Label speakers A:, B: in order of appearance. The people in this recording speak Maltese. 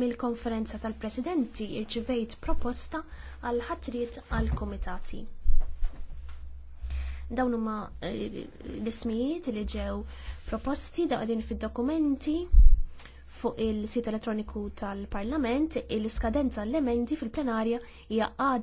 A: mill-konferenza tal-presidenti irċivejt proposta għal ħatriet għal komitati. Dawn huma eh, l-ismijiet li ġew proposti daqdin fid-dokumenti fuq il-sit elettroniku tal-Parlament il-skadenza l-emendi fil-plenarja hija